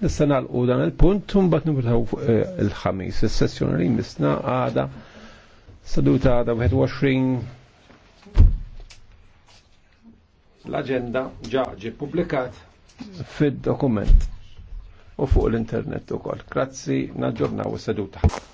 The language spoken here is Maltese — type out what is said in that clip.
Nista nalqu dan il-punt, un bat nibutaw eh, il-ħamis, il-sessjoni li misna għada, saduta għada 21. L-agenda ġaġi publikat fid-dokument u fuq l-internet u kol. Grazzi, naġġornaw s-seduta.